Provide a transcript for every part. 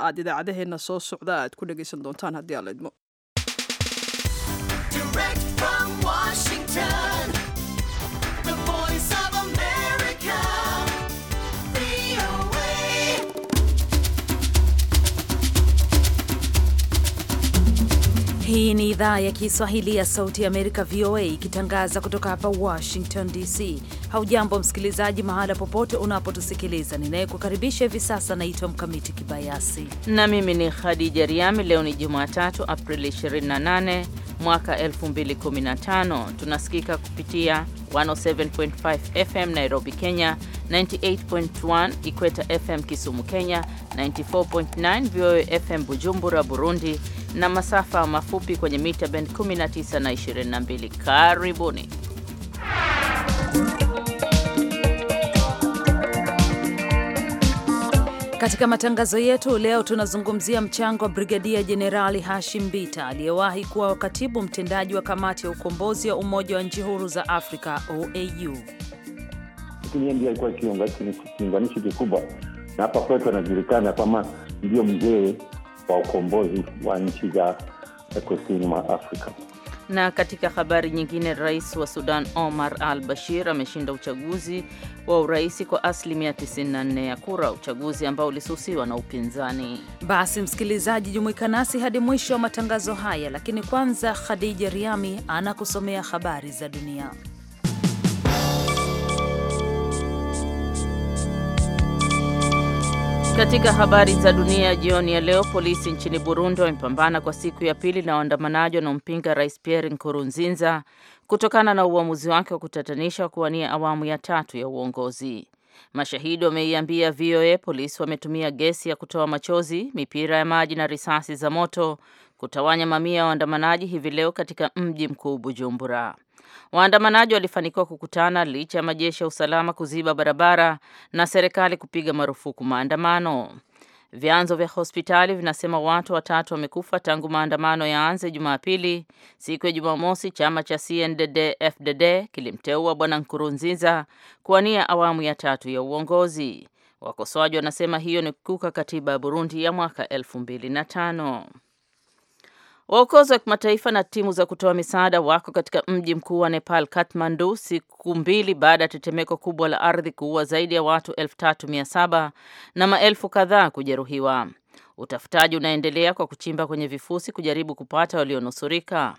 aad idaacadaheenna soo socda aad ku dhegaysan doontaan haddii aala idmo Hii ni idhaa ya Kiswahili ya Sauti Amerika, VOA, ikitangaza kutoka hapa Washington DC. Haujambo msikilizaji, mahala popote unapotusikiliza. Ninayekukaribisha hivi sasa naitwa Mkamiti Kibayasi na mimi ni Khadija Riami. Leo ni Jumatatu, Aprili 28 mwaka 2015. Tunasikika kupitia 107.5 FM Nairobi, Kenya, 98.1 Ikweta FM Kisumu, Kenya, 94.9 VOA FM Bujumbura, Burundi, na masafa mafupi kwenye mita bend 19 na 22. Karibuni katika matangazo yetu leo tunazungumzia mchango wa Brigadia Jenerali Hashim Bita aliyewahi kuwa katibu mtendaji wa kamati ya ukombozi wa Umoja wa Nchi Huru za Afrika OAU. Lakini ndio alikuwa kiunganishi kikubwa, na hapa kwetu anajulikana kama ndio mzee wa ukombozi wa nchi za kusini mwa Afrika. Na katika habari nyingine, rais wa Sudan Omar al Bashir ameshinda uchaguzi wa urais kwa asilimia 94 ya kura, uchaguzi ambao ulisusiwa na upinzani. Basi msikilizaji, jumuika nasi hadi mwisho wa matangazo haya, lakini kwanza Khadija Riami anakusomea habari za dunia. Katika habari za dunia jioni ya leo, polisi nchini Burundi wamepambana kwa siku ya pili na waandamanaji wanaompinga Rais Pierre Nkurunziza kutokana na uamuzi wake wa kutatanisha kuwania awamu ya tatu ya uongozi. Mashahidi wameiambia VOA polisi wametumia gesi ya kutoa machozi, mipira ya maji na risasi za moto kutawanya mamia ya waandamanaji hivi leo katika mji mkuu Bujumbura. Waandamanaji walifanikiwa kukutana licha ya majeshi ya usalama kuziba barabara na serikali kupiga marufuku maandamano. Vyanzo vya hospitali vinasema watu watatu wamekufa tangu maandamano yaanze Jumapili. Siku ya Jumamosi, chama cha CNDD-FDD kilimteua Bwana Nkurunziza kuwania awamu ya tatu ya uongozi. Wakosoaji wanasema hiyo ni kukiuka katiba ya Burundi ya mwaka elfu mbili na tano. Waokozi wa kimataifa na timu za kutoa misaada wako katika mji mkuu wa Nepal, Kathmandu, siku mbili baada ya tetemeko kubwa la ardhi kuua zaidi ya watu 3700 na maelfu kadhaa kujeruhiwa. Utafutaji unaendelea kwa kuchimba kwenye vifusi kujaribu kupata walionusurika.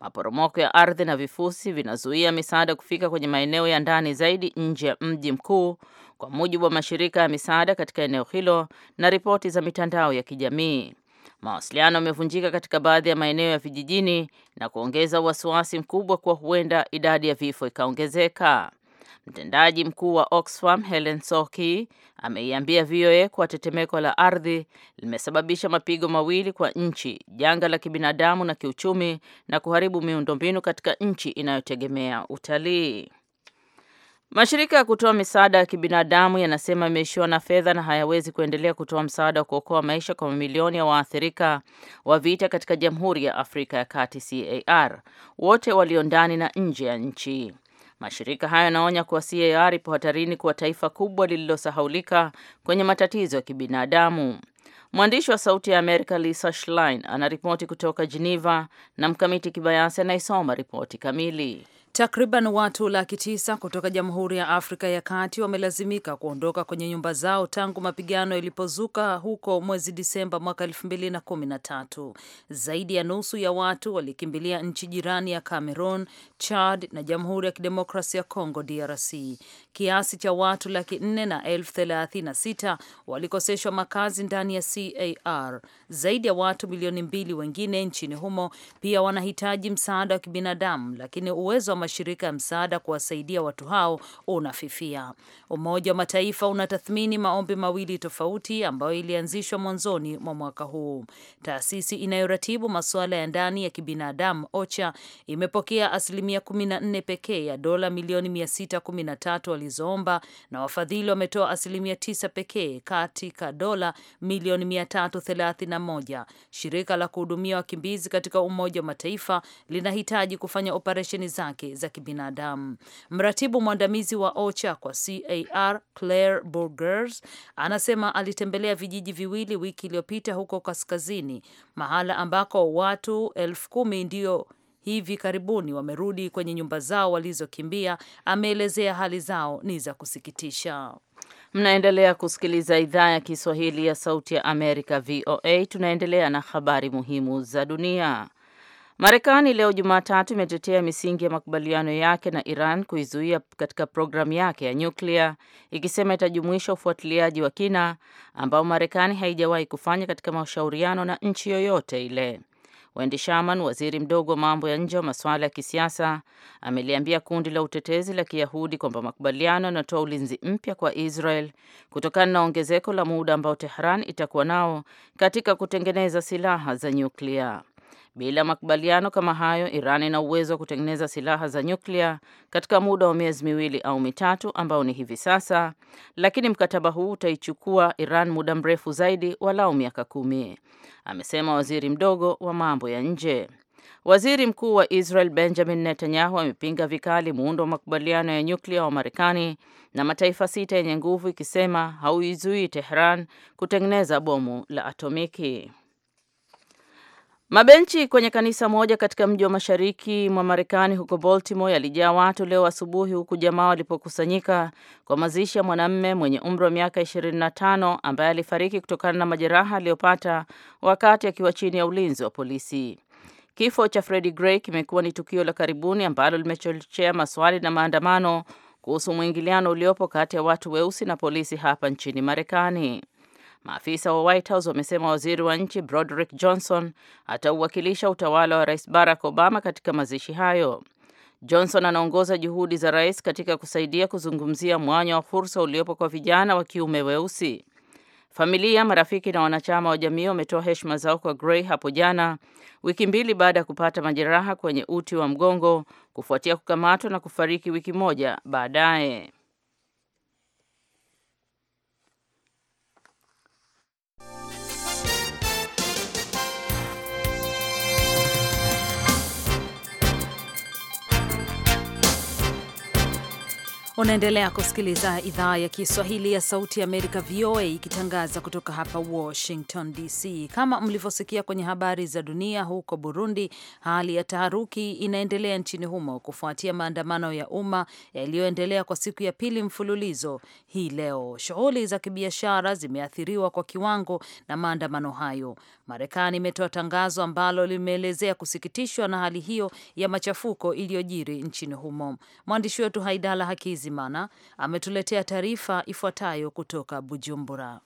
Maporomoko ya ardhi na vifusi vinazuia misaada kufika kwenye maeneo ya ndani zaidi nje ya mji mkuu, kwa mujibu wa mashirika ya misaada katika eneo hilo na ripoti za mitandao ya kijamii. Mawasiliano yamevunjika katika baadhi ya maeneo ya vijijini na kuongeza wasiwasi mkubwa kuwa huenda idadi ya vifo ikaongezeka. Mtendaji mkuu wa Oxfam Helen Soki ameiambia VOA kuwa tetemeko la ardhi limesababisha mapigo mawili kwa nchi, janga la kibinadamu na kiuchumi, na kuharibu miundombinu katika nchi inayotegemea utalii. Mashirika ya kutoa misaada ya kibinadamu yanasema yameishiwa na fedha na hayawezi kuendelea kutoa msaada wa kuokoa maisha kwa mamilioni ya waathirika wa vita katika Jamhuri ya Afrika ya Kati CAR, wote walio ndani na nje ya nchi. Mashirika hayo yanaonya kuwa CAR ipo hatarini kuwa taifa kubwa lililosahaulika kwenye matatizo ya kibinadamu. Mwandishi wa Sauti ya Amerika Lisa Schlein anaripoti kutoka Geneva na Mkamiti Kibayasi anaisoma ripoti kamili. Takriban watu laki tisa kutoka Jamhuri ya Afrika ya Kati wamelazimika kuondoka kwenye nyumba zao tangu mapigano yalipozuka huko mwezi Disemba mwaka elfu mbili na kumi na tatu. Zaidi ya nusu ya watu walikimbilia nchi jirani ya Cameroon, Chad na Jamhuri ya Kidemokrasi ya Congo, DRC. Kiasi cha watu laki nne na elfu thelathini na sita walikoseshwa makazi ndani ya CAR. Zaidi ya watu milioni mbili wengine nchini humo pia wanahitaji msaada wa kibinadamu, lakini uwezo wa mashirika ya msaada kuwasaidia watu hao unafifia. Umoja wa Mataifa unatathmini maombi mawili tofauti ambayo ilianzishwa mwanzoni mwa mwaka huu. Taasisi inayoratibu masuala ya ndani ya kibinadamu OCHA imepokea asilimia 14 pekee ya dola milioni 613 walizoomba na wafadhili wametoa asilimia 9 pekee katika dola milioni 331. Shirika la kuhudumia wakimbizi katika Umoja wa Mataifa linahitaji kufanya operesheni zake haki za kibinadamu. Mratibu mwandamizi wa OCHA kwa CAR Claire Burgers anasema alitembelea vijiji viwili wiki iliyopita huko kaskazini, mahala ambako watu elfu kumi ndio hivi karibuni wamerudi kwenye nyumba zao walizokimbia. Ameelezea hali zao ni za kusikitisha. Mnaendelea kusikiliza idhaa ya Kiswahili ya Sauti ya Amerika, VOA. Tunaendelea na habari muhimu za dunia. Marekani leo Jumatatu imetetea misingi ya makubaliano yake na Iran kuizuia katika programu yake ya nyuklia ikisema itajumuisha ufuatiliaji wa kina ambao Marekani haijawahi kufanya katika mashauriano na nchi yoyote ile. Wendy Sherman, waziri mdogo wa mambo ya nje wa masuala ya kisiasa, ameliambia kundi la utetezi la Kiyahudi kwamba makubaliano yanatoa ulinzi mpya kwa Israel kutokana na ongezeko la muda ambao Tehran itakuwa nao katika kutengeneza silaha za nyuklia. Bila makubaliano kama hayo, Iran ina uwezo wa kutengeneza silaha za nyuklia katika muda wa miezi miwili au mitatu ambao ni hivi sasa, lakini mkataba huu utaichukua Iran muda mrefu zaidi, walau miaka kumi, amesema waziri mdogo wa mambo ya nje. Waziri Mkuu wa Israel Benjamin Netanyahu amepinga vikali muundo wa makubaliano ya nyuklia wa Marekani na mataifa sita yenye nguvu, ikisema hauizuii Tehran kutengeneza bomu la atomiki. Mabenchi kwenye kanisa moja katika mji wa mashariki mwa Marekani huko Baltimore yalijaa watu leo asubuhi huku jamaa walipokusanyika kwa mazishi ya mwanamume mwenye umri wa miaka 25 ambaye alifariki kutokana na majeraha aliyopata wakati akiwa chini ya ulinzi wa polisi. Kifo cha Freddie Gray kimekuwa ni tukio la karibuni ambalo limechochea maswali na maandamano kuhusu mwingiliano uliopo kati ya watu weusi na polisi hapa nchini Marekani. Maafisa wa White House wamesema waziri wa nchi Broderick Johnson atauwakilisha utawala wa Rais Barack Obama katika mazishi hayo. Johnson anaongoza juhudi za rais katika kusaidia kuzungumzia mwanya wa fursa uliopo kwa vijana wa kiume weusi. Familia, marafiki na wanachama wa jamii wametoa heshima zao kwa Gray hapo jana, wiki mbili baada ya kupata majeraha kwenye uti wa mgongo kufuatia kukamatwa na kufariki wiki moja baadaye. Unaendelea kusikiliza idhaa ya Kiswahili ya Sauti ya Amerika, VOA, ikitangaza kutoka hapa Washington DC. Kama mlivyosikia kwenye habari za dunia, huko Burundi hali ya taharuki inaendelea nchini humo kufuatia maandamano ya umma yaliyoendelea kwa siku ya pili mfululizo hii leo. Shughuli za kibiashara zimeathiriwa kwa kiwango na maandamano hayo. Marekani imetoa tangazo ambalo limeelezea kusikitishwa na hali hiyo ya machafuko iliyojiri nchini humo. Mwandishi wetu Haidala Hakizi Hakizimana ametuletea taarifa ifuatayo kutoka Bujumbura.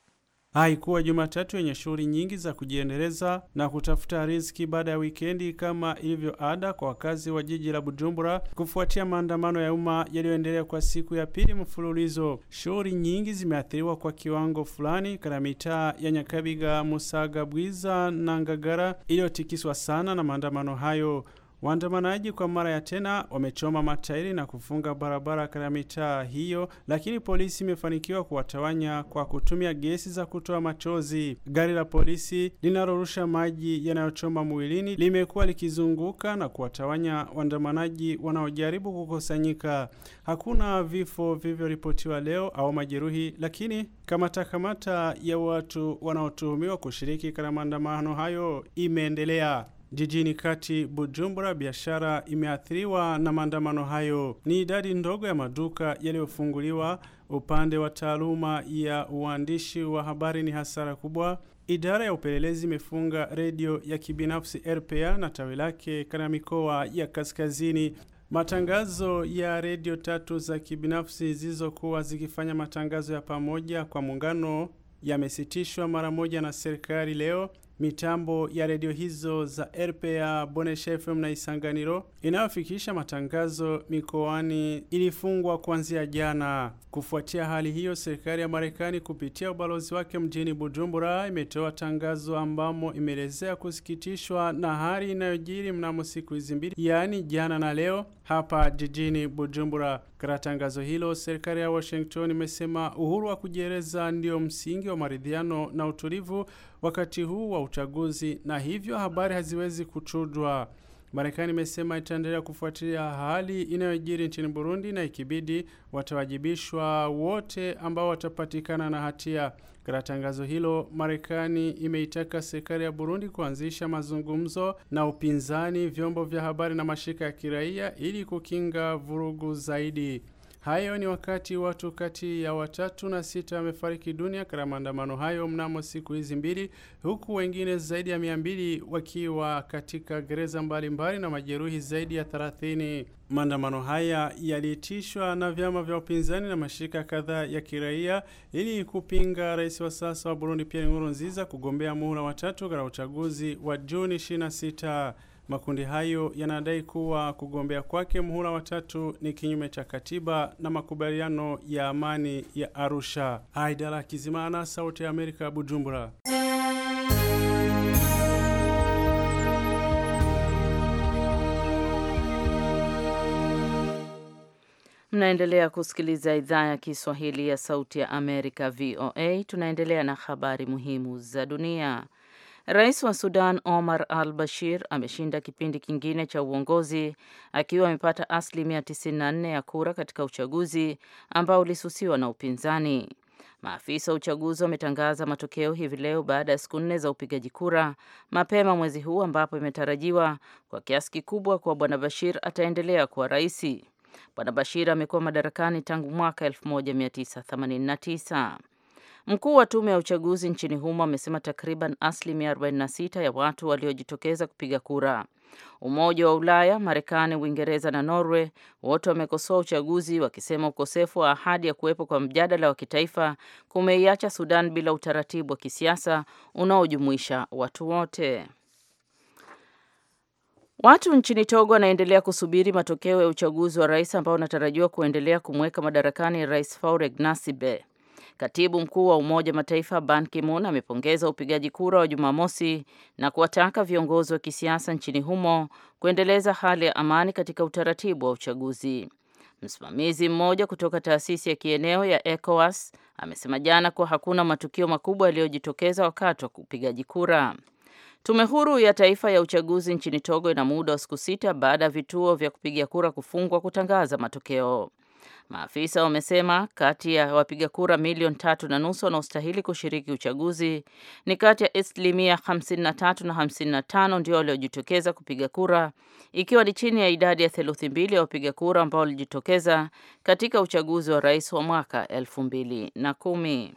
Haikuwa Jumatatu yenye shughuli nyingi za kujiendeleza na kutafuta riziki baada ya wikendi kama ilivyo ada kwa wakazi wa jiji la Bujumbura kufuatia maandamano ya umma yaliyoendelea kwa siku ya pili mfululizo. Shughuli nyingi zimeathiriwa kwa kiwango fulani katika mitaa ya Nyakabiga, Musaga, Bwiza na Ngagara iliyotikiswa sana na maandamano hayo. Waandamanaji kwa mara ya tena wamechoma matairi na kufunga barabara katika mitaa hiyo, lakini polisi imefanikiwa kuwatawanya kwa kutumia gesi za kutoa machozi. Gari la polisi linalorusha maji yanayochoma mwilini limekuwa likizunguka na kuwatawanya waandamanaji wanaojaribu kukusanyika. Hakuna vifo vilivyoripotiwa leo au majeruhi, lakini kamata kamata ya watu wanaotuhumiwa kushiriki katika maandamano hayo imeendelea. Jijini kati Bujumbura, biashara imeathiriwa na maandamano hayo. Ni idadi ndogo ya maduka yaliyofunguliwa. Upande wa taaluma ya uandishi wa habari ni hasara kubwa. Idara ya upelelezi imefunga redio ya kibinafsi RPA na tawi lake katika mikoa ya kaskazini. Matangazo ya redio tatu za kibinafsi zilizokuwa zikifanya matangazo ya pamoja kwa muungano yamesitishwa mara moja na serikali leo mitambo ya redio hizo za RPA, Bonesha FM na Isanganiro inayofikisha matangazo mikoani ilifungwa kuanzia jana. Kufuatia hali hiyo, serikali ya Marekani kupitia ubalozi wake mjini Bujumbura imetoa tangazo ambamo imeelezea kusikitishwa na hali inayojiri mnamo siku hizi mbili, yaani jana na leo hapa jijini Bujumbura. Katika tangazo hilo, serikali ya Washington imesema uhuru wa kujieleza ndio msingi wa maridhiano na utulivu wakati huu wa uchaguzi, na hivyo habari haziwezi kuchujwa. Marekani imesema itaendelea kufuatilia hali inayojiri nchini Burundi na ikibidi watawajibishwa wote ambao watapatikana na hatia. Katika tangazo hilo, Marekani imeitaka serikali ya Burundi kuanzisha mazungumzo na upinzani, vyombo vya habari na mashirika ya kiraia ili kukinga vurugu zaidi. Hayo ni wakati watu kati ya watatu na sita wamefariki dunia katika maandamano hayo mnamo siku hizi mbili, huku wengine zaidi ya mia mbili wakiwa katika gereza mbalimbali na majeruhi zaidi ya thelathini. Maandamano haya yaliitishwa na vyama vya upinzani na mashirika kadhaa ya kiraia ili kupinga rais wa sasa wa Burundi Pierre Nkurunziza kugombea muhula watatu katika uchaguzi wa Juni 26. Makundi hayo yanadai kuwa kugombea kwake muhula watatu ni kinyume cha katiba na makubaliano ya amani ya Arusha. Haidara Kizimana, Sauti ya Amerika, Bujumbura. Mnaendelea kusikiliza idhaa ya Kiswahili ya Sauti ya Amerika, VOA. Tunaendelea na habari muhimu za dunia. Rais wa Sudan Omar al Bashir ameshinda kipindi kingine cha uongozi akiwa amepata asilimia 94 ya kura katika uchaguzi ambao ulisusiwa na upinzani. Maafisa wa uchaguzi wametangaza matokeo hivi leo baada ya siku nne za upigaji kura mapema mwezi huu, ambapo imetarajiwa kwa kiasi kikubwa kuwa bwana Bashir ataendelea kuwa raisi. Bwana Bashir amekuwa madarakani tangu mwaka 1989. Mkuu wa tume ya uchaguzi nchini humo amesema takriban asilimia 46 ya watu waliojitokeza kupiga kura. Umoja wa Ulaya, Marekani, Uingereza na Norway wote wamekosoa uchaguzi wakisema ukosefu wa ahadi ya kuwepo kwa mjadala wa kitaifa kumeiacha Sudan bila utaratibu wa kisiasa unaojumuisha watu wote. Watu nchini Togo wanaendelea kusubiri matokeo ya uchaguzi wa rais ambao unatarajiwa kuendelea kumweka madarakani Rais Faure Gnassingbe. Katibu mkuu wa Umoja Mataifa Ban Ki-moon amepongeza upigaji kura wa Jumamosi na kuwataka viongozi wa kisiasa nchini humo kuendeleza hali ya amani katika utaratibu wa uchaguzi. Msimamizi mmoja kutoka taasisi ya kieneo ya ECOWAS amesema jana kuwa hakuna matukio makubwa yaliyojitokeza wakati wa upigaji kura. Tume huru ya taifa ya uchaguzi nchini Togo ina muda wa siku sita baada ya vituo vya kupiga kura kufungwa kutangaza matokeo. Maafisa wamesema kati ya wapiga kura milioni tatu na nusu wanaostahili kushiriki uchaguzi ni kati ya asilimia 53 na 55 ndio waliojitokeza kupiga kura, ikiwa ni chini ya idadi ya theluthi mbili ya wapiga kura ambao walijitokeza katika uchaguzi wa rais wa mwaka elfu mbili na kumi.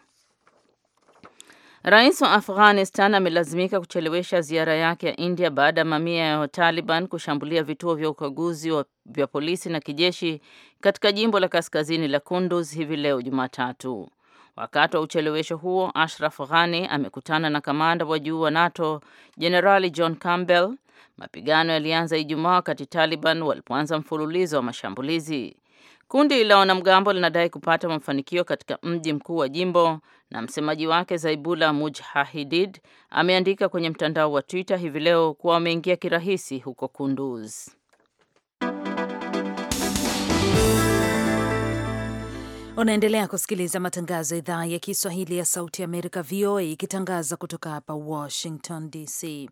Rais wa Afghanistan amelazimika kuchelewesha ziara yake ya India baada ya mamia ya Wataliban kushambulia vituo vya ukaguzi wa vya polisi na kijeshi katika jimbo la kaskazini la Kunduz hivi leo Jumatatu. Wakati wa uchelewesho huo, Ashraf Ghani amekutana na kamanda wa juu wa NATO Jenerali John Campbell. Mapigano yalianza Ijumaa wakati Taliban walipoanza mfululizo wa mashambulizi. Kundi la wanamgambo linadai kupata mafanikio katika mji mkuu wa jimbo, na msemaji wake Zaibula Mujahidid ameandika kwenye mtandao wa Twitter hivi leo kuwa wameingia kirahisi huko Kunduz. Unaendelea kusikiliza matangazo ya idhaa ya Kiswahili ya Sauti Amerika, VOA, ikitangaza kutoka hapa Washington DC.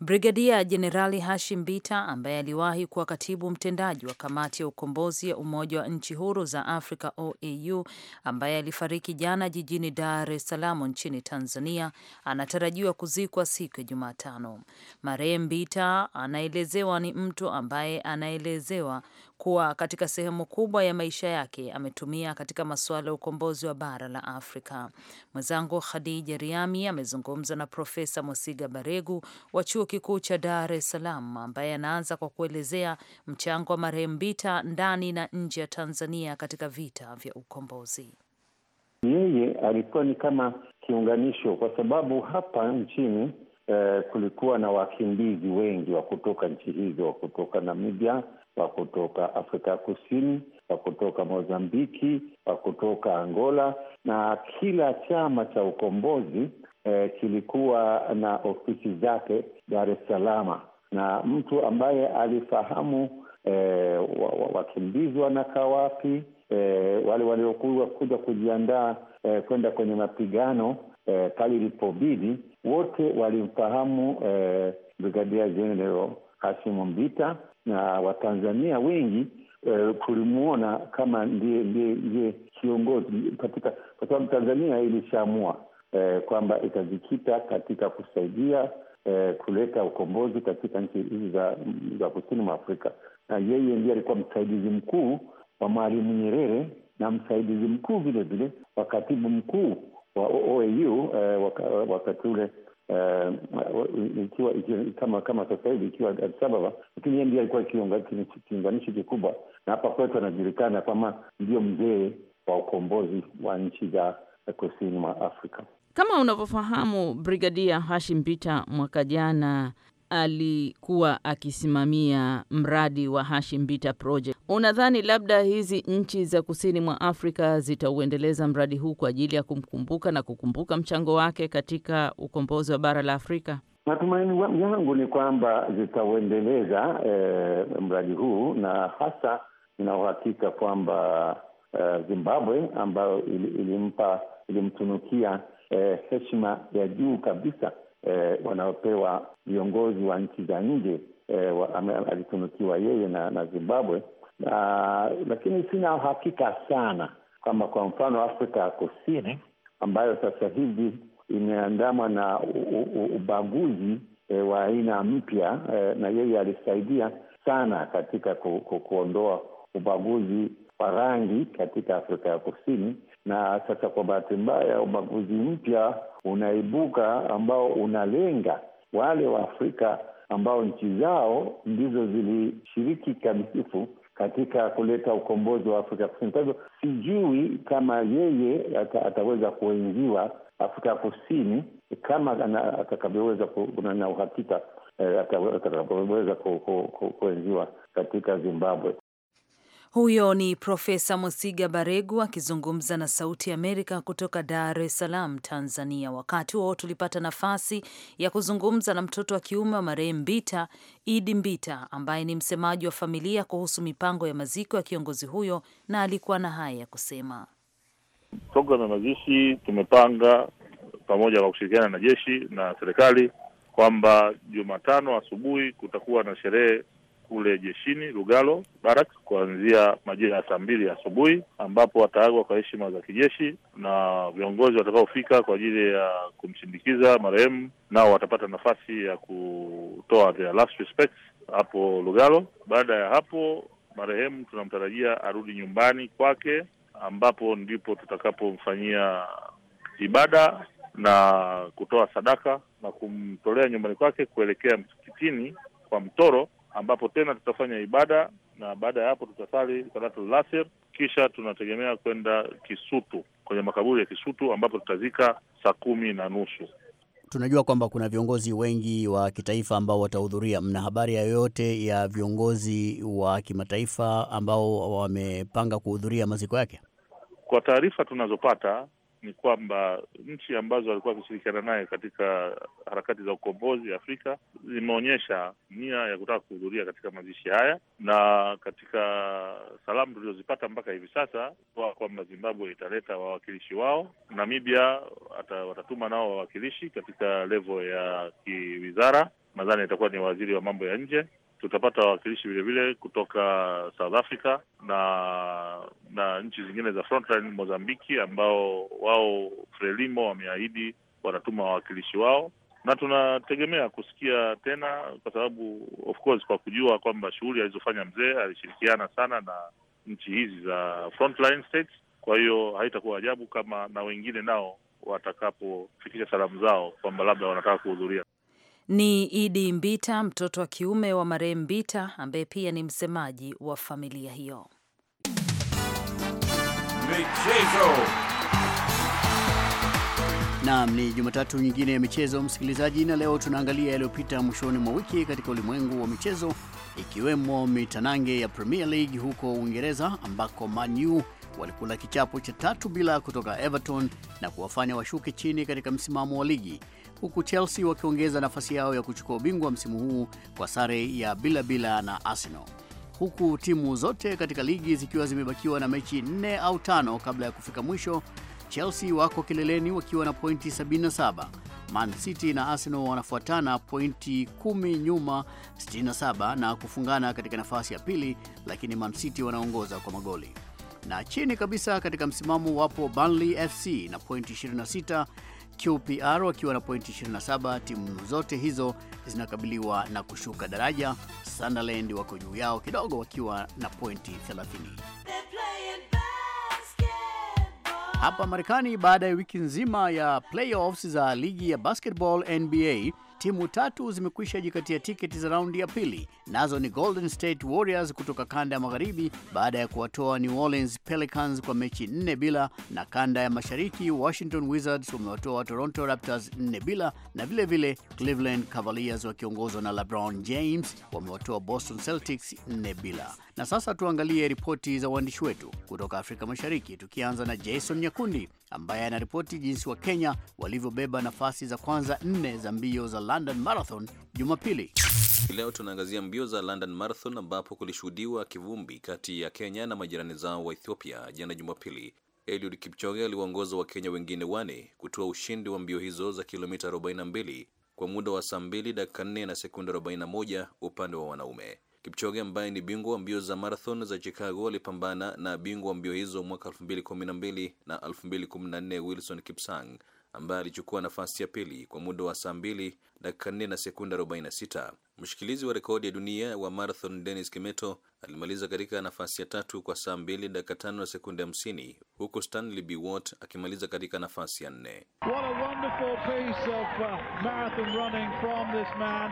Brigadia Jenerali Hashim Bita, ambaye aliwahi kuwa katibu mtendaji wa kamati ya ukombozi ya Umoja wa Nchi Huru za Afrika, OAU, ambaye alifariki jana jijini Dar es Salaam nchini Tanzania, anatarajiwa kuzikwa siku ya Jumatano. Marehemu Bita anaelezewa ni mtu ambaye anaelezewa kuwa katika sehemu kubwa ya maisha yake ametumia katika masuala ya ukombozi wa bara la Afrika. Mwenzangu Khadija Riami amezungumza na Profesa mosiga Baregu wa Chuo Kikuu cha Dar es Salaam, ambaye anaanza kwa kuelezea mchango wa marehemu Bita ndani na nje ya Tanzania katika vita vya ukombozi. Yeye alikuwa ni kama kiunganisho, kwa sababu hapa nchini eh, kulikuwa na wakimbizi wengi wa kutoka nchi hizo, kutoka Namibia wa kutoka Afrika Kusini, wa kutoka Mozambiki, wa kutoka Angola, na kila chama cha ukombozi eh, kilikuwa na ofisi zake Dar es Salaam, na mtu ambaye alifahamu eh, wakimbizi wa, wa wanakaa wapi eh, wale waliokuwa kuja kujiandaa eh, kwenda kwenye mapigano eh, pale ilipobidi, wote walimfahamu eh, Brigadia Jenerali Hashimu Mbita na Watanzania wengi eh, kulimuona kama ndiye ndiye ndiye kiongozi katika, kwa sababu Tanzania ilishaamua eh, kwamba itajikita katika kusaidia eh, kuleta ukombozi katika nchi hizi za, za kusini mwa Afrika, na yeye ndiye alikuwa msaidizi mkuu wa Mwalimu Nyerere na msaidizi mkuu vilevile wa katibu mkuu wa OAU eh, wakati ule Eh, ikiwa kama kama sasa hivi ikiwa Addis Ababa, lakini yeye ndiye alikuwa kiunganishi kikubwa, na hapa kwetu anajulikana kama ndio mzee wa ukombozi wa nchi za kusini mwa Afrika. Kama unavyofahamu, Brigadia Hashim Bita mwaka jana alikuwa akisimamia mradi wa Hashim Bita Project. Unadhani labda hizi nchi za kusini mwa Afrika zitauendeleza mradi huu kwa ajili ya kumkumbuka na kukumbuka mchango wake katika ukombozi wa bara la Afrika? Matumaini yangu ni kwamba zitauendeleza eh, mradi huu na hasa ina uhakika kwamba eh, Zimbabwe ambayo ilimpa ilimtunukia eh, heshima ya juu kabisa eh, wanaopewa viongozi wa nchi za nje eh, alitunukiwa yeye na, na Zimbabwe na, lakini sina uhakika sana kama kwa mfano Afrika ya Kusini ambayo sasa hivi imeandamwa na u, u, ubaguzi e, wa aina mpya e, na yeye alisaidia sana katika ku, ku, kuondoa ubaguzi wa rangi katika Afrika ya Kusini na sasa kwa bahati mbaya ubaguzi mpya unaibuka ambao unalenga wale wa afrika ambao nchi zao ndizo zilishiriki kikamilifu katika kuleta ukombozi wa Afrika Kusini. Kwa hivyo sijui kama yeye ata, ataweza kuenziwa Afrika Kusini kama atakavyoweza na uhakika eh, atakavyoweza kuenziwa katika Zimbabwe. Huyo ni Profesa mosiga Baregu akizungumza na Sauti ya Amerika kutoka Dar es Salaam, Tanzania. Wakati huo tulipata nafasi ya kuzungumza na mtoto wa kiume wa marehemu Mbita, Idi Mbita, ambaye ni msemaji wa familia kuhusu mipango ya maziko ya kiongozi huyo, na alikuwa na haya ya kusema. Programu ya mazishi tumepanga pamoja kwa kushirikiana na jeshi na serikali kwamba Jumatano asubuhi kutakuwa na sherehe kule jeshini Lugalo barracks kuanzia majira ya saa mbili asubuhi, ambapo wataagwa kwa heshima za kijeshi na viongozi watakaofika kwa ajili ya kumshindikiza marehemu nao watapata nafasi ya kutoa their last respects hapo Lugalo. Baada ya hapo, marehemu tunamtarajia arudi nyumbani kwake, ambapo ndipo tutakapomfanyia ibada na kutoa sadaka na kumtolea nyumbani kwake kuelekea msikitini kwa mtoro ambapo tena tutafanya ibada na baada ya hapo tutasali salatu lasir, kisha tunategemea kwenda Kisutu kwenye makaburi ya Kisutu ambapo tutazika saa kumi na nusu. Tunajua kwamba kuna viongozi wengi wa kitaifa ambao watahudhuria. Mna habari ya yoyote ya viongozi wa kimataifa ambao wamepanga kuhudhuria maziko yake? Kwa taarifa tunazopata ni kwamba nchi ambazo alikuwa akishirikiana naye katika harakati za ukombozi Afrika zimeonyesha nia ya kutaka kuhudhuria katika mazishi haya, na katika salamu tulizozipata mpaka hivi sasa a kwamba Zimbabwe italeta wawakilishi wao, Namibia ata, watatuma nao wawakilishi katika levo ya kiwizara, nadhani itakuwa ni waziri wa mambo ya nje tutapata wawakilishi vilevile kutoka South Africa na na nchi zingine za frontline Mozambiki, ambao wao Frelimo wameahidi wanatuma wawakilishi wao, na tunategemea kusikia tena, kwa sababu of course kwa kujua kwamba shughuli alizofanya mzee alishirikiana sana na nchi hizi za frontline states. Kwa hiyo haitakuwa ajabu kama na wengine nao watakapofikisha salamu zao kwamba labda wanataka kuhudhuria. Ni Idi Mbita, mtoto wa kiume wa marehemu Mbita, ambaye pia ni msemaji wa familia hiyo. Michezo. Naam, ni Jumatatu nyingine ya michezo msikilizaji, na leo tunaangalia yaliyopita mwishoni mwa wiki katika ulimwengu wa michezo, ikiwemo mitanange ya Premier League huko Uingereza ambako Manu walikula kichapo cha tatu bila kutoka Everton na kuwafanya washuke chini katika msimamo wa ligi huku Chelsea wakiongeza nafasi yao ya kuchukua ubingwa msimu huu kwa sare ya bila bila na Arsenal, huku timu zote katika ligi zikiwa zimebakiwa na mechi nne au tano kabla ya kufika mwisho. Chelsea wako kileleni wakiwa na pointi 77. Man City na Arsenal wanafuatana pointi kumi nyuma 67 na kufungana katika nafasi ya pili, lakini Man City wanaongoza kwa magoli. Na chini kabisa katika msimamo wapo Burnley FC na pointi 26 QPR wakiwa na pointi 27. Timu zote hizo zinakabiliwa na kushuka daraja. Sunderland wako juu yao kidogo wakiwa na pointi 30. Hapa Marekani, baada ya wiki nzima ya playoffs za ligi ya basketball NBA Timu tatu zimekwisha jikatia tiketi za raundi ya pili, nazo ni Golden State Warriors kutoka kanda ya magharibi baada ya kuwatoa New Orleans Pelicans kwa mechi nne bila, na kanda ya mashariki Washington Wizards wamewatoa Toronto Raptors nne bila, na vilevile vile Cleveland Cavaliers wakiongozwa na LeBron James wamewatoa Boston Celtics nne bila. Na sasa tuangalie ripoti za uandishi wetu kutoka Afrika Mashariki, tukianza na Jason Nyakundi ambaye anaripoti jinsi wa Kenya walivyobeba nafasi za kwanza nne za mbio za London Marathon Jumapili. Leo tunaangazia mbio za London Marathon ambapo kulishuhudiwa kivumbi kati ya Kenya na majirani zao wa Ethiopia jana Jumapili. Eliud Kipchoge aliwaongoza Wakenya wengine wane kutoa ushindi wa mbio hizo za kilomita 42 kwa muda wa saa 2 dakika 4 na sekunde 41 upande wa wanaume. Kipchoge ambaye ni bingwa wa mbio za marathon za Chicago alipambana na bingwa wa mbio hizo mwaka 2012 na 2014 Wilson Kipsang ambaye alichukua nafasi ya pili kwa muda wa saa 2 dakika 4 na na 46. Mshikilizi wa rekodi ya dunia wa marathon Dennis Kimeto alimaliza katika nafasi ya tatu kwa saa 2 dakika 5 na sekunde 50, huku Stanley Biwott akimaliza katika nafasi ya nne. What a wonderful piece of uh, marathon running from this man.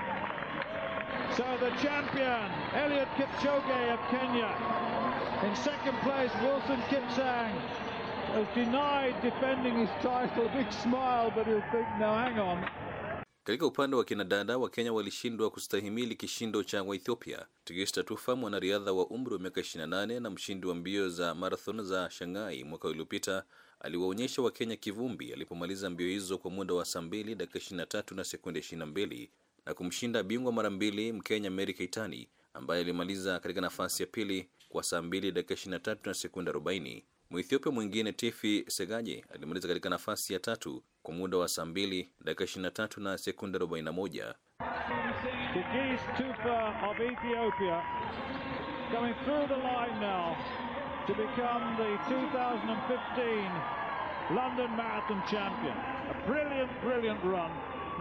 So the champion Eliud Kipchoge of Kenya in second place, Wilson Kipsang has denied defending his title. A big smile, but he'll think, hang on. Katika upande wa kinadada wa Kenya walishindwa kustahimili kishindo cha Waethiopia. Tigista Tufa, mwanariadha wa umri wa miaka 28 na mshindi wa mbio za marathon za Shanghai mwaka uliopita, aliwaonyesha Wakenya kivumbi alipomaliza mbio hizo kwa muda wa saa 2 dakika 23 na sekunde 22 na kumshinda bingwa mara mbili Mkenya Mary Keitany ambaye alimaliza katika nafasi ya pili kwa saa 2 dakika 23 na sekunde 40. Mwethiopia mwingine Tifi Segaji alimaliza katika nafasi ya tatu kwa muda wa saa mbili dakika 23 na sekunde 41. Degis Tufa London Marathon champion. A brilliant, brilliant run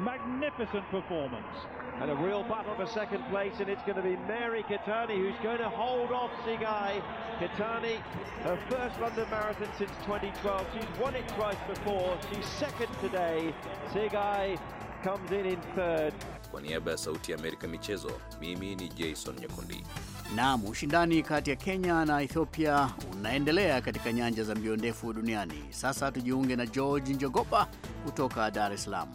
magnificent performance. And a real battle for second place, and it's going to be Mary Katani who's going to hold off Sigai. Katani, her first London Marathon since 2012. She's won it twice before. She's second today. Sigai comes in in third. Kwa niaba ya Sauti ya Amerika michezo, mimi ni Jason Nyakundi. Naam, ushindani kati ya Kenya na Ethiopia unaendelea katika nyanja za mbio ndefu duniani. Sasa tujiunge na George Njogopa kutoka Dar es Salaam.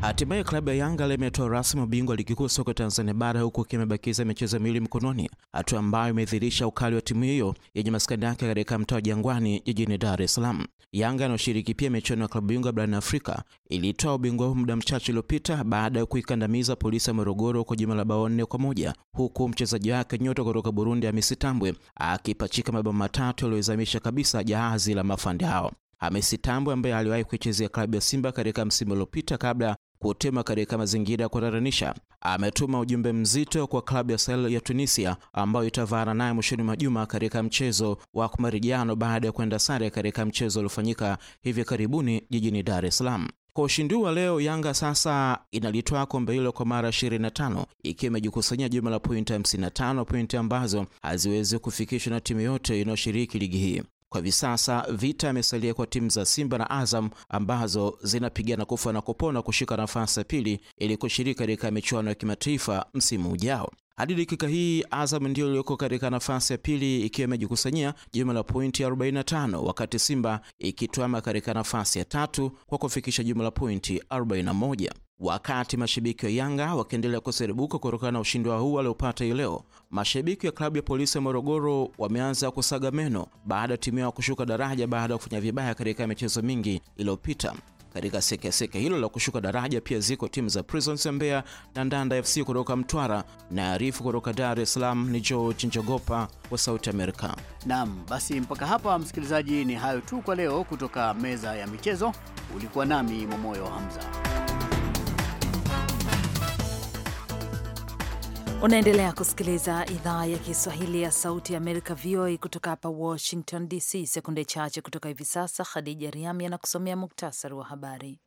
Hatimaye klabu ya Yanga limetoa rasmi ubingwa ligi kuu soka Tanzania bara huku kimebakiza michezo miwili mkononi, hatua ambayo imedhihirisha ukali wa timu hiyo yenye maskani yake katika mtaa wa Jangwani jijini Dar es Salaam. Yanga inayoshiriki pia michuano ya klabu bingwa barani Afrika ilitoa ubingwa huu muda mchache uliopita baada ya kuikandamiza polisi ya Morogoro kwa jumla bao nne kwa moja huku mchezaji wake nyota kutoka Burundi Hamisi Tambwe akipachika mabao matatu yaliyozamisha kabisa jahazi la mafande hao. Hamisi Tambwe ambaye aliwahi kuichezea klabu ya Simba katika msimu uliopita kabla kutema katika mazingira ya kutatanisha, ametuma ujumbe mzito kwa klabu ya Sel ya Tunisia ambayo itavaana naye mwishoni mwa juma katika mchezo wa kumarijiano baada ya kwenda sare katika mchezo uliofanyika hivi karibuni jijini Dar es Salaam. Kwa ushindi wa leo Yanga sasa inalitwaa kombe hilo kwa mara 25 ikiwa imejikusanyia jumla la pointi 55, pointi ambazo haziwezi kufikishwa na timu yote inayoshiriki ligi hii. Kwa hivi sasa vita imesalia kwa timu za Simba na Azam ambazo zinapigana kufa na kupona kushika nafasi ya pili ili kushiriki katika michuano ya kimataifa msimu ujao. Hadi dakika hii Azam ndiyo iliyoko katika nafasi ya pili ikiwa imejikusanyia jumla la pointi 45 wakati Simba ikitwama katika nafasi ya tatu kwa kufikisha jumla la pointi 41. Wakati mashabiki wa Yanga wakiendelea kuserebuka kutokana na ushindi wao huu waliopata hii leo, mashabiki wa klabu ya polisi ya Morogoro wameanza kusaga meno baada ya timu yao kushuka daraja baada ya kufanya vibaya katika michezo mingi iliyopita. Katika sekeseke hilo la kushuka daraja pia ziko timu za Prisons ya Mbeya na Ndanda FC kutoka Mtwara na Arifu kutoka Dar es Salaam. Ni George Njogopa wa Sauti Amerika. Naam, basi mpaka hapa msikilizaji, ni hayo tu kwa leo kutoka meza ya michezo. Ulikuwa nami Momoyo Hamza. Unaendelea kusikiliza idhaa ya Kiswahili ya Sauti ya Amerika, VOA, kutoka hapa Washington DC. Sekunde chache kutoka hivi sasa, Khadija Riami anakusomea muktasari wa habari.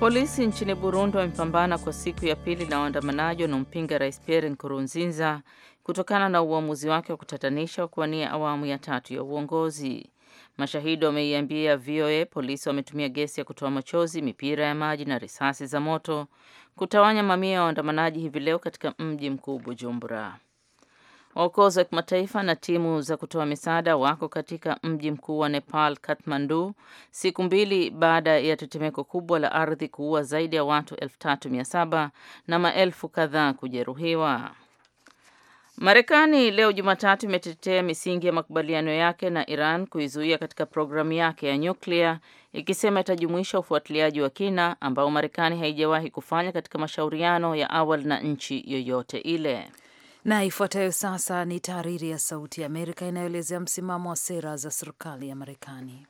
Polisi nchini Burundi wamepambana kwa siku ya pili na waandamanaji wanaompinga Rais Pierre Nkurunziza kutokana na uamuzi wake wa kutatanisha wa kuwania awamu ya tatu ya uongozi. Mashahidi wameiambia VOA polisi wametumia gesi ya kutoa machozi, mipira ya maji na risasi za moto kutawanya mamia ya waandamanaji hivi leo katika mji mkuu Bujumbura. Waokozi wa kimataifa na timu za kutoa misaada wako katika mji mkuu wa Nepal, Kathmandu, siku mbili baada ya tetemeko kubwa la ardhi kuua zaidi ya watu 3700 na maelfu kadhaa kujeruhiwa. Marekani leo Jumatatu imetetea misingi ya makubaliano yake na Iran kuizuia katika programu yake ya nyuklia ikisema itajumuisha ufuatiliaji wa kina ambao Marekani haijawahi kufanya katika mashauriano ya awali na nchi yoyote ile. Na ifuatayo sasa ni tahariri ya Sauti ya Amerika inayoelezea msimamo wa sera za serikali ya Marekani.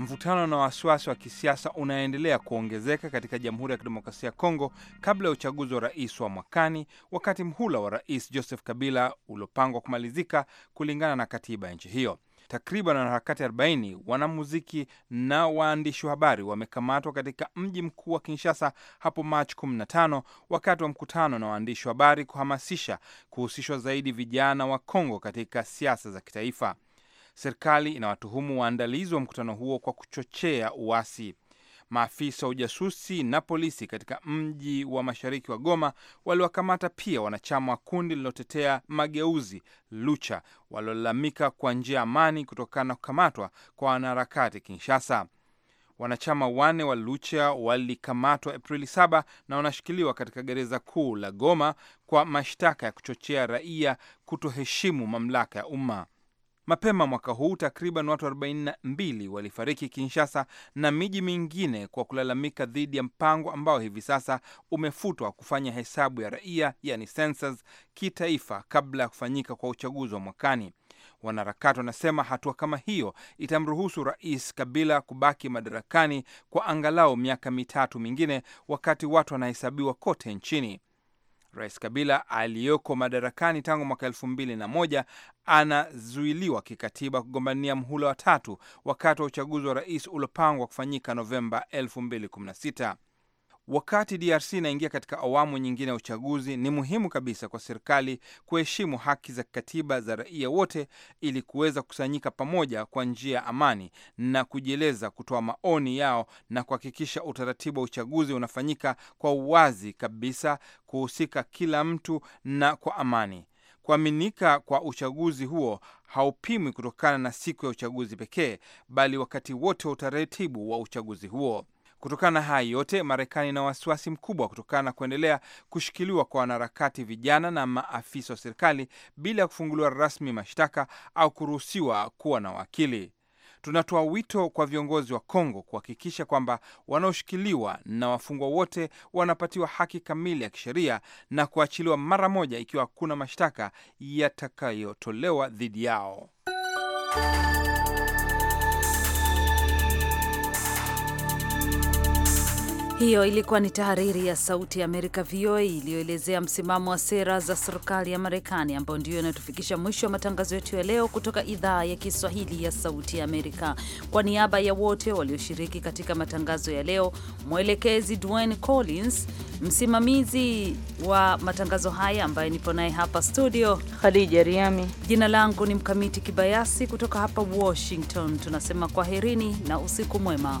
Mvutano na wasiwasi wa kisiasa unaendelea kuongezeka katika Jamhuri ya Kidemokrasia ya Kongo kabla ya uchaguzi wa rais wa mwakani, wakati mhula wa Rais Joseph Kabila uliopangwa kumalizika kulingana na katiba ya nchi hiyo. Takriban wanaharakati 40 wanamuziki na waandishi wa habari wamekamatwa katika mji mkuu wa Kinshasa hapo Machi 15 wakati wa mkutano na waandishi wa habari kuhamasisha kuhusishwa zaidi vijana wa Kongo katika siasa za kitaifa serikali inawatuhumu waandalizi wa mkutano huo kwa kuchochea uasi. Maafisa wa ujasusi na polisi katika mji wa mashariki wa Goma waliwakamata pia wanachama wa kundi lililotetea mageuzi Lucha waliolalamika kwa njia ya amani kutokana na kukamatwa kwa wanaharakati Kinshasa. Wanachama wane wa Lucha walikamatwa Aprili 7 na wanashikiliwa katika gereza kuu la Goma kwa mashtaka ya kuchochea raia kutoheshimu mamlaka ya umma. Mapema mwaka huu takriban watu 42 walifariki Kinshasa na miji mingine kwa kulalamika dhidi ya mpango ambao hivi sasa umefutwa kufanya hesabu ya raia, yani census, kitaifa kabla ya kufanyika kwa uchaguzi wa mwakani. Wanaharakati wanasema hatua kama hiyo itamruhusu Rais Kabila kubaki madarakani kwa angalau miaka mitatu mingine, wakati watu wanahesabiwa kote nchini. Rais Kabila aliyoko madarakani tangu mwaka elfu mbili na moja anazuiliwa kikatiba kugombania mhula wa tatu wakati wa uchaguzi wa rais uliopangwa kufanyika Novemba 2016. Wakati DRC inaingia katika awamu nyingine ya uchaguzi, ni muhimu kabisa kwa serikali kuheshimu haki za kikatiba za raia wote ili kuweza kukusanyika pamoja kwa njia ya amani na kujieleza, kutoa maoni yao na kuhakikisha utaratibu wa uchaguzi unafanyika kwa uwazi kabisa, kuhusika kila mtu na kwa amani. Kuaminika kwa uchaguzi huo haupimwi kutokana na siku ya uchaguzi pekee, bali wakati wote wa utaratibu wa uchaguzi huo. Kutokana na haya yote, Marekani ina wasiwasi mkubwa kutokana na kuendelea kushikiliwa kwa wanaharakati vijana na maafisa wa serikali bila ya kufunguliwa rasmi mashtaka au kuruhusiwa kuwa na wakili. Tunatoa wito kwa viongozi wa Kongo kuhakikisha kwamba wanaoshikiliwa na wafungwa wote wanapatiwa haki kamili ya kisheria na kuachiliwa mara moja ikiwa hakuna mashtaka yatakayotolewa dhidi yao. Hiyo ilikuwa ni tahariri ya Sauti ya Amerika, VOA, iliyoelezea msimamo wa sera za serikali ya Marekani, ambayo ndio inatufikisha mwisho wa matangazo yetu ya leo kutoka idhaa ya Kiswahili ya Sauti ya Amerika. Kwa niaba ya wote walioshiriki katika matangazo ya leo, mwelekezi Dwayne Collins, msimamizi wa matangazo haya ambaye nipo naye hapa studio, Khadija Riami, jina langu ni Mkamiti Kibayasi kutoka hapa Washington. Tunasema kwaherini na usiku mwema.